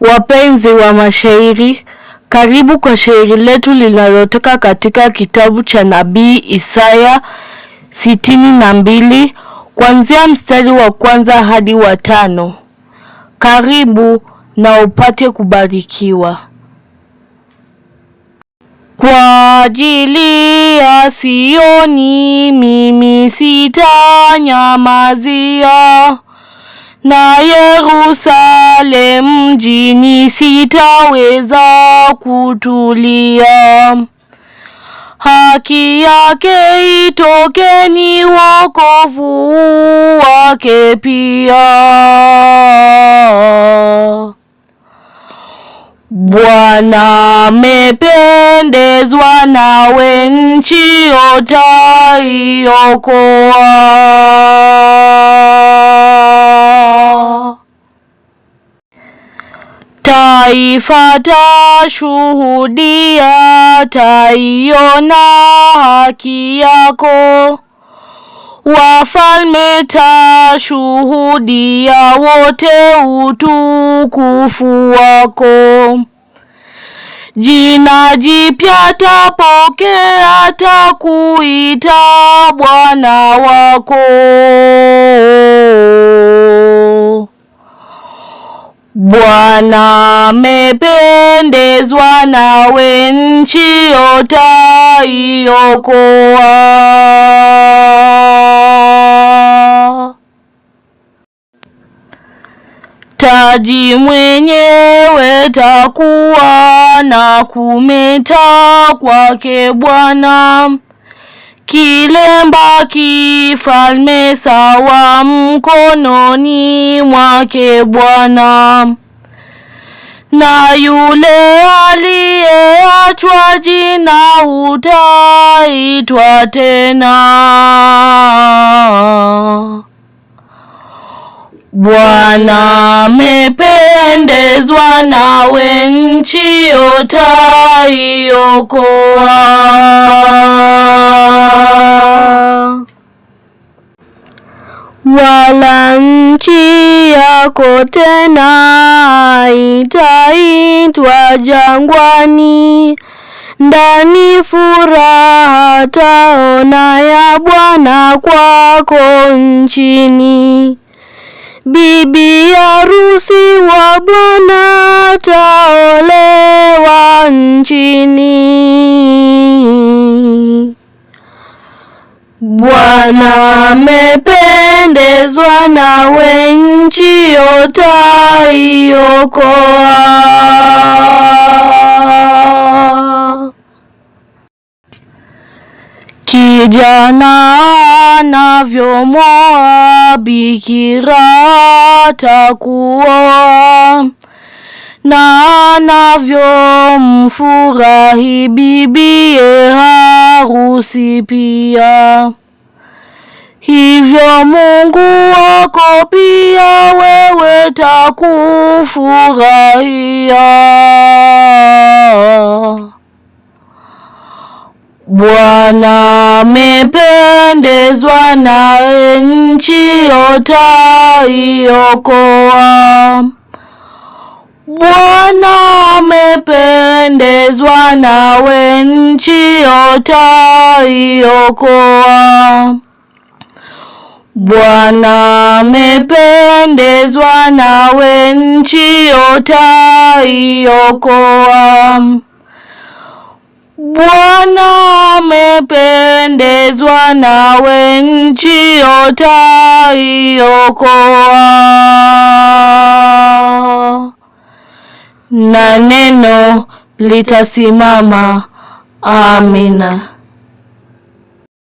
Wapenzi wa mashairi, karibu kwa shairi letu linalotoka katika kitabu cha Nabii Isaya sitini na mbili kuanzia mstari wa kwanza hadi wa tano. Karibu na upate kubarikiwa. Kwa ajili ya Sioni mimi sitanyamazia na Yerusalemu mjini sitaweza kutulia. Haki yake itokeni, wokovu wake pia. Bwana amependezwa nawe, nchi yote iokoa Taifa tashuhudia, taiona haki yako. Wafalme tashuhudia, wote utukufu wako. Jina jipya tapokea, takuita Bwana wako. Bwana amependezwa nawe, nchi ataiokoa. Taji mwenyewe takuwa na kumeta kwake Bwana Kilemba kifalme sawa mkononi mwake Bwana, na yule aliyeachwa jina hutaitwa tena. Bwana amependezwa nawe, nchi yotaiokoa wala nchi yako tena itaitwa jangwani. Ndani furaha taona ya Bwana kwako nchini. Bibi harusi wa Bwana taolewa nchini. Bwana amepe Pendezwa nawe nchi utaiokoa. Kijana anavyomoa bikira takuoa, na anavyomfurahi bibie harusi pia Hivyo Mungu wako pia wewe takufurahia. Bwana amependezwa nawe, nchi yotaiokoa Bwana amependezwa nawe, nchi yote Bwana amependezwa nawe, nchi yote aiokoa. Bwana amependezwa nawe, nchi yote Na neno litasimama. Amina.